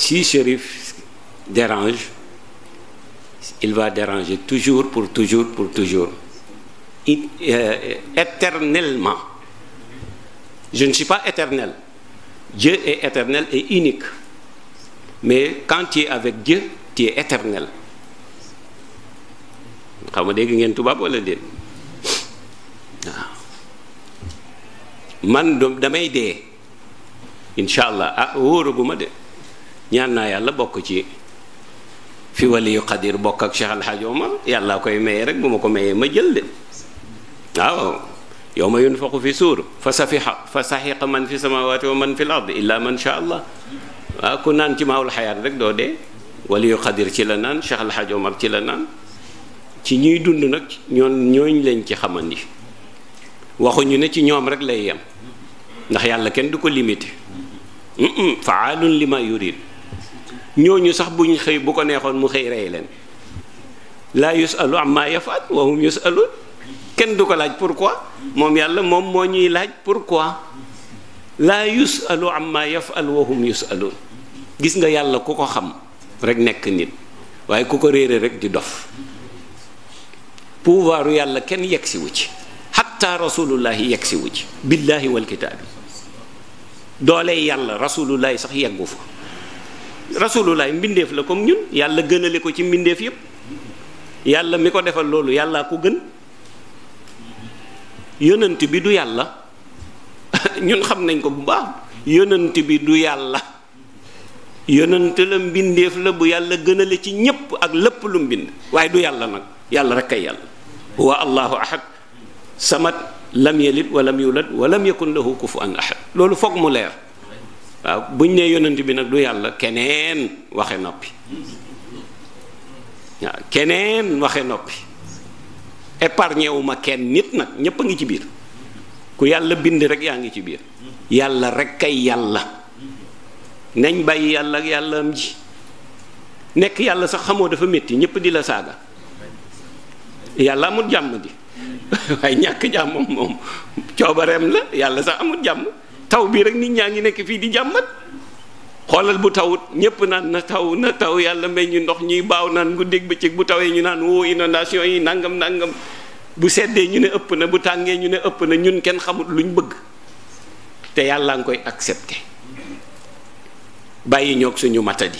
si Chérif dérange il va déranger toujours pour toujours pour toujours il, euh, éternellement je ne suis pas éternel Dieu est éternel et unique mais quand tu es avec Dieu tu es éternel xam nga dégg ngeen tubaab wala déet man man damay dee incha allah ah wóoraguma de ñaan naa yàlla bokk ci fi waliyu xadir bokk ak Cheikh Alhaji Omar yàllaa koy maye rek bu ma ko mayee ma jël de waaw yawma yunfaxu fi suur fa safixa fa saxiqa man fi samawati wa man fi ard illa man sha allah waaw ku naan ci maawul xayaat rek doo dee waliyu xadir ci la naan Cheikh Alhaji Omar ci la naan ci ñuy dund nag ñoon ñooñ lañ ci xamandi waxuñu ne ci ñoom rek lay yem ndax yàlla kenn du ko limité faalun lima yurid ñooñu sax bu ñu xëy bu ko neexoon mu xëy rey leen laa yusalu amma yafaal wa hum yusalun kenn du ko laaj pour pourquoi moom yàlla moom moo ñuy laaj pour pourquoi laa yusalu amma yafaal wa hum yusalun gis nga yàlla ku ko xam rek nekk nit waaye ku ko réere rek di dof pouvoiru yàlla kenn yegsi wu ci xatta rasulullahi yegsi wu ci billaahi walkitaabi doole yàlla rasulullahi sax yeggu fa rasulullah mbindeef la comme ñun yàlla gënale ko ci mbindeef yëpp yàlla mi ko defal loolu yàllaa ko gën yonent bi du yàlla ñun xam nañ ko bu baax yonent bi du yàlla yonent la mbindeef la bu yàlla gënale ci ñépp ak lépp lu mbind waaye du yàlla nag yàlla rek kay yàlla huwa allahu ahad samat lam yalid walam yulad walam yakun lahu kufuwan ahad loolu foog mu leer waaw buñ nee yonent bi nag du yàlla keneen waxe noppi waaw keneen waxe noppi épargné wu ma kenn nit nag ñépp a ngi ci biir ku yàlla bind rek yaa ngi ci biir yàlla rek ay yàlla nañ bàyyi yàlla ak yàlla am ji nekk yàlla sax xamoo dafa métti ñépp di la saaga yàlla jàmm di waaye ñàkk jàmm moom coobareem la yàlla sax amul jàmm taw bii rek nit ñaa ngi nekk fii di jàmbat xoolal bu tawut ñëpp naan na taw na taw yàlla mbay ñu ndox ñuy baaw naan guddeeg bëccëg bu tawee ñu naan woo inondation yi nangam nangam bu seddee ñu ne ëpp na bu tàngee ñu ne ëpp na ñun kenn xamut luñ bëgg te yàlla ngi koy accepté bàyyi ñoog suñu di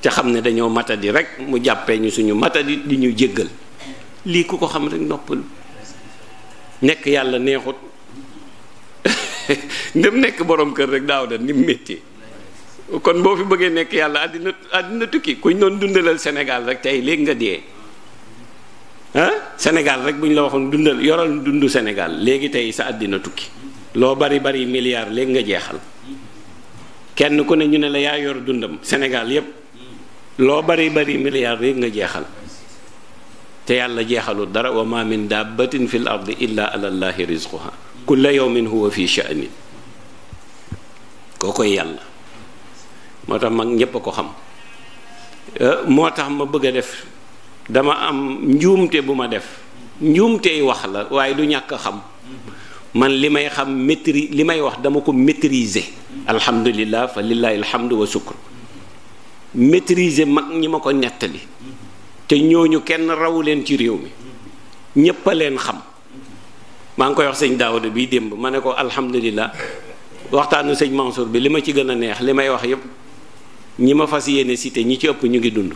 te xam ne dañoo di rek mu jàppee ñu suñu matadi di ñu jéggal lii ku ko xam rek noppalu nekk yàlla neexut ndem nekk boroom kër rek daaw da ni métti kon boo fi bëggee nekk yàlla àddina àddina tukki kuñ doon dundalal Sénégal rek tey léegi nga dee ah Sénégal rek bu ñu la waxoon dundal yoral dund Sénégal léegi tey sa àddina tukki loo bari bari milliards léegi nga jeexal kenn ku ne ñu ne la yaa yor dundam Sénégal yépp loo bari bari milliards léegi nga jeexal te yàlla jeexalul dara wa ma min dabbatin fil ardi illa ala allahi kulla yawmin huwa fi sha'nin koo koy yàlla moo tax mag ñépp a ko xam eh, moo tax ma bëgg a def dama am njuumte bu ma def njuumtey wax la waaye du ñàkk xam man li may xam maîtrise li may wax dama ko maîtriser alhamdulillah fa lillahi alhamdu wa sukr mag ñi ma ko nettali te ñooñu kenn rawu ci réew mi ñépp a leen xam maa ngi koy wax sëñ Daawuda bii démb ma ne ko alhamdulilah waxtaanu sëñ Mansour bi li ma ci gën a neex li may wax yëpp ñi ma fas yéene cité ñi ci ëpp ñu ngi dund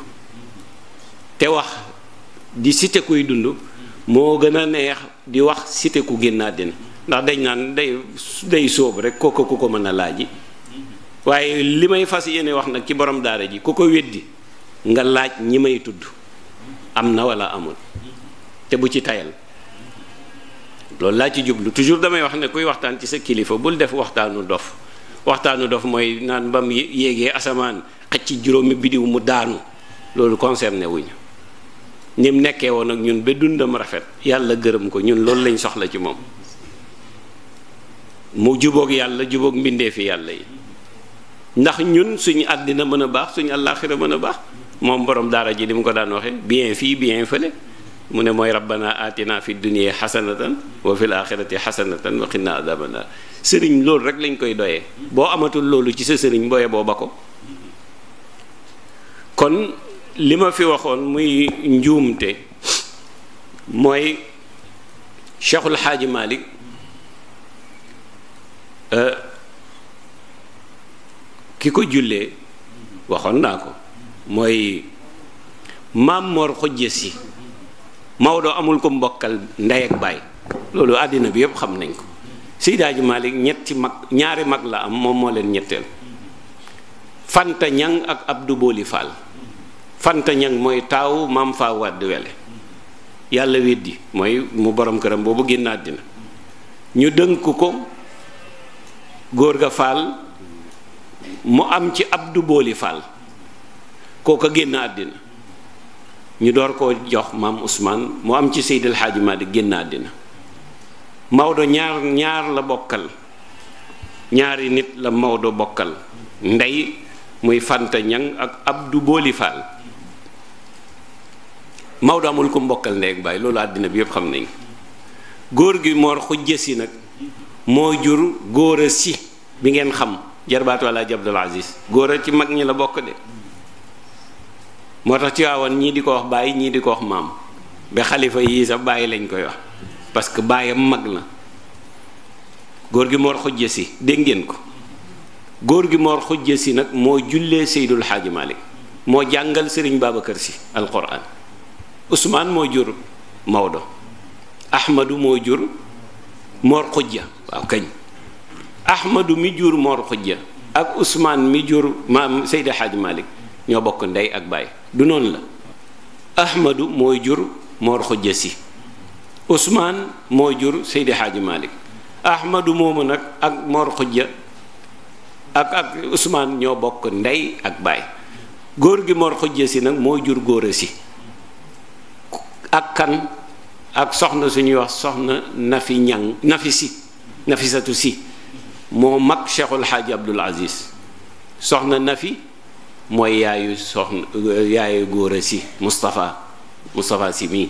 te wax di site kuy dund moo gën a neex di wax site ku génn àddina ndax dañ naan day day sóobu rek kooku ku ko mën a laaj waaye li may fas yéene wax nag ci borom daara ji ku ko weddi nga laaj ñi may tudd am na wala amul te bu ci tayal loolu laa ci jublu toujours damay wax ne kuy waxtaan ci sa kilifa bul def waxtaanu dof waxtaanu dof mooy naan mbam mu yéegee asamaan xëcc juróomi bidiw mu daanu loolu concerné wuñu ni nekkee woon ak ñun ba dundam rafet yàlla gërëm ko ñun loolu lañ soxla ci moom mu jubook yàlla jubóog mbindee fi yàlla yi ndax ñun suñu àddina mën a baax suñu àllaaxira mën a baax moom borom daara ji li mu ko daan waxee bien fii bien fële mu ne mooy rabbana atina fi dunya xasanatan wa fil axirati xasanatan wa qina adhaban naar sëriñ loolu rek lañ koy doyee boo amatul loolu ci sa sëriñ booyee boo ko kon li ma fi waxoon muy njuumte mooy cheikhul xaaji malik euh, ki ko jullee waxoon naa ko mooy maam moor xujje si Maodo amul ko mbokkal ndey ak baay loolu àddina bi yëpp xam nañ ko Seydi Hadji ñetti mag ñaari mag la am moom moo leen ñetteel Fanta Ñang ak Abdou Boli Fall Fanta Ñang mooy taawu maam faa wadd wele yàlla weddi mooy mu borom këram boobu génn àddina ñu dënk ko góor ga Fall mu am ci Abdou Boli Fall kooka génn àddina ñu door ko jox maam Ousmane mu am ci Seydil Hadji Malick génn àddina Maodo ñaar ñaar la bokkal ñaari nit la Maodo bokkal ndey muy Fanta Ñang ak Abdou Booli Fall Maodo amul ko mbokkal ndey ak baay loolu àddina bi yépp xam nañ góor gi moor xujje si nag moo jur góor bi ngeen xam jarbaatu Alaaji Abdul Aziz góor ci mag ñi la bokk de moo tax ci Tiwaawan ñii di ko wax bàyyi ñii di ko wax maam bi xalifa yii sax bàyyi lañ koy wax parce que bàyyam mag la góor gi Mor Xujje si dégg ko góor gi Mor Xujje si nag moo jullee Seydul Xaaji Malik moo jàngal Sëriñ kër si alquran Ousmane moo jur Maodo Ahmadu moo jur Mor Xujja waaw kañ Ahmadu mi jur Mor Xujja ak Ousmane mi jur maam Seydi Xaaji Malik ñoo bokk ndey ak baay du noonu la ahmadu mooy jur moor xujja si usmaan mooy jur seydi xaaji malik ahmadu moomu nag ak moor xujja ak ak usmaan ñoo bokk ndey ak baay góor gi moor xujja si nag mooy jur góor si ak ak soxna suñuy wax soxna nafi ñang nafi si nafisatu si moo mag cheikhul xaaj abdul aziz soxna nafi mooy yaayu soxna yaayu góor a si Moustapha Moustapha si mii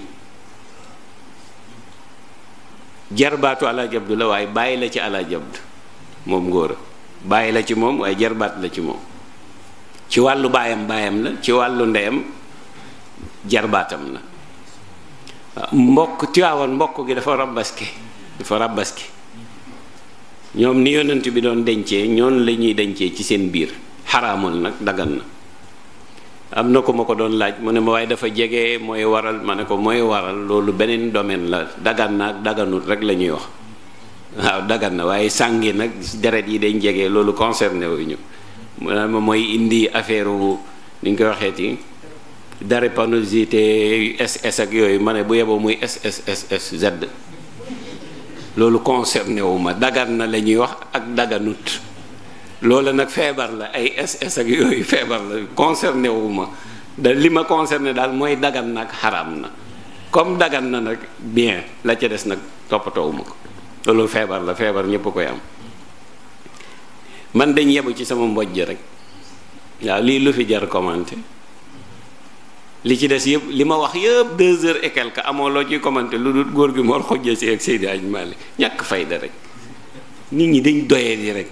jarbaatu Alaaji la waaye bàyyi la ci Alaaji Abdu moom góor bàyyi la ci moom waaye jarbaat la ci moom ci wàllu baayam baayam la ci wàllu ndeyam jarbaatam la mbokk Tiwaawan mbokk gi dafa rabbaski dafa rabbaski ñoom ni yonent bi doon dencee ñoon la ñuy dencee ci seen biir xaraamul nag dagan na am na ko ma ko doon laaj mu ne ma waaye dafa jege mooy waral ma ne ko mooy waral loolu beneen domaine la dagan na daganut rek la ñuy wax waaw dagan na waaye sàngi nag deret yi dañ jege loolu concerné wu ñu mu ne ma mooy indi affaire wu ni nga koy waxeeti drépanocytose SS ak yooyu ma ne bu yeboo muy SSSZ loolu concerné wu ma dagan na la ñuy wax ak daganut loola nag feebar la ay ss ak yooyu feebar la concerné wu ma da li ma concerné daal mooy dagan nag xaraam na comme dagan na nag bien la ca des nag toppatoowu ma ko loolu feebar la feebar ñépp koy am man dañ yebu ci sama mbojj rek waaw lii lu fi jar commenté li ci des yëpp li ma wax yëpp deux heures et quelque amoo loo ciy commenté lu dul góor gi Mor xojja si ak Seydi Aj Malik ñàkk fayda rek nit ñi dañ doyee di rek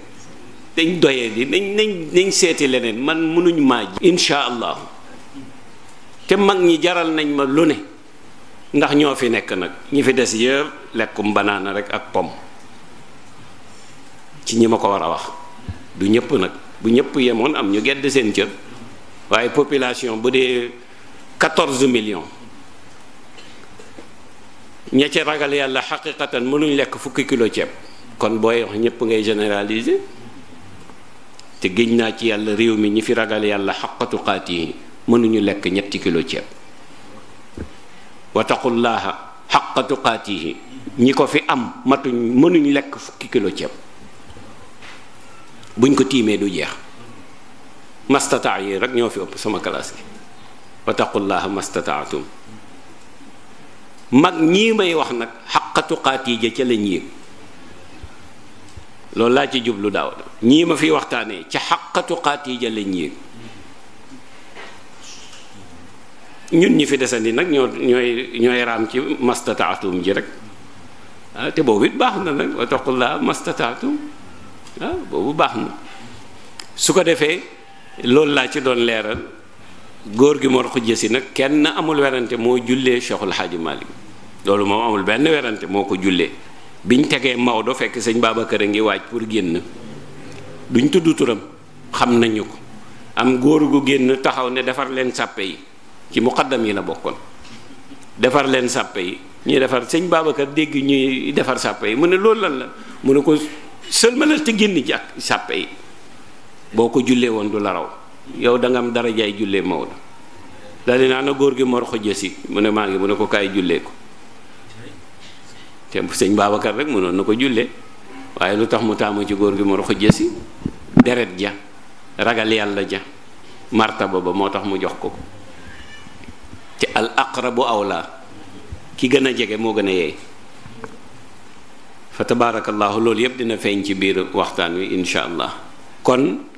dañ doyee di nañ nañ nañ seeti leneen man mënuñ maa ji incha allah te mag ñi jaral nañ ma lu ne ndax ñoo fi nekk nag ñi fi des yëpp lekkum banaana rek ak pom ci ñi ma ko war a wax du ñëpp nag bu ñëpp yemoon am ñu gedd seen cër waaye population bu dee quatorze million ña ci ragal yàlla xaqiqatan mënuñ lekk fukki kilo ceeb kon booy wax ñëpp ngay généraliser te génn naa ci yàlla réew mi ñi fi ragal yàlla xaqatu qaatihi mënuñu lekk ñetti kilo ceeb wa taqullaaha xaqatu qaatihi ñi ko fi am matuñ mënuñu lekk fukki kilo ceeb buñ ko tiimee du jeex mastataa yi rek ñoo fi ëpp sama kalaas gi wa taqullaaha mastataatum mag ñii may wax nag xaqatu qaatihi ja ca lañ yéeg loolu laa ci jublu daaw ñii ma fi waxtaanee ci xaqatu xaatija lañ yéeg ñun ñi fi desandi nag ñoo ñooy raam ci mastataatum ji rek ah, te boobu it baax na nag wa taqullaa mastataatum ah boobu baax na su ko defee loolu laa ci doon leeral góor gi Mor Xujja Si nag kenn amul werante moo jullee Cheikhul Xaaji Malik loolu moom amul benn werante moo ko jullee biñ tegee Maodo fekk sëñ baabakër a ngi waaj pour génn duñ tudd turam xam nañu ko am góor gu génn taxaw ne defar leen sàppe yi ci muqaddam yi la bokkoon defar leen sàppe yi ñuy defar sëñ Babacar dégg ñuy defar sàppe yi mu ne lool lan la mu ne ko sëlmalal te génn ci ak sàppe yi boo ko jullee woon du la raw yow da nga am dara jaay jullee Maodo daal naa ne góor gi mor xojja si mu ne maa ngi mu ne ko kaay jullee ko te sëñ Babacar rek mënoon na ko julle waaye lu tax mu taamu ci góor gi mu roxo jësi deret ja ragal yàlla ja martaba ba moo tax mu jox ko ci al aqrabu awla ki gën a jege moo gën a yeey fa tabaarakallaahu loolu yëpp dina feeñ ci biir waxtaan wi incha allah kon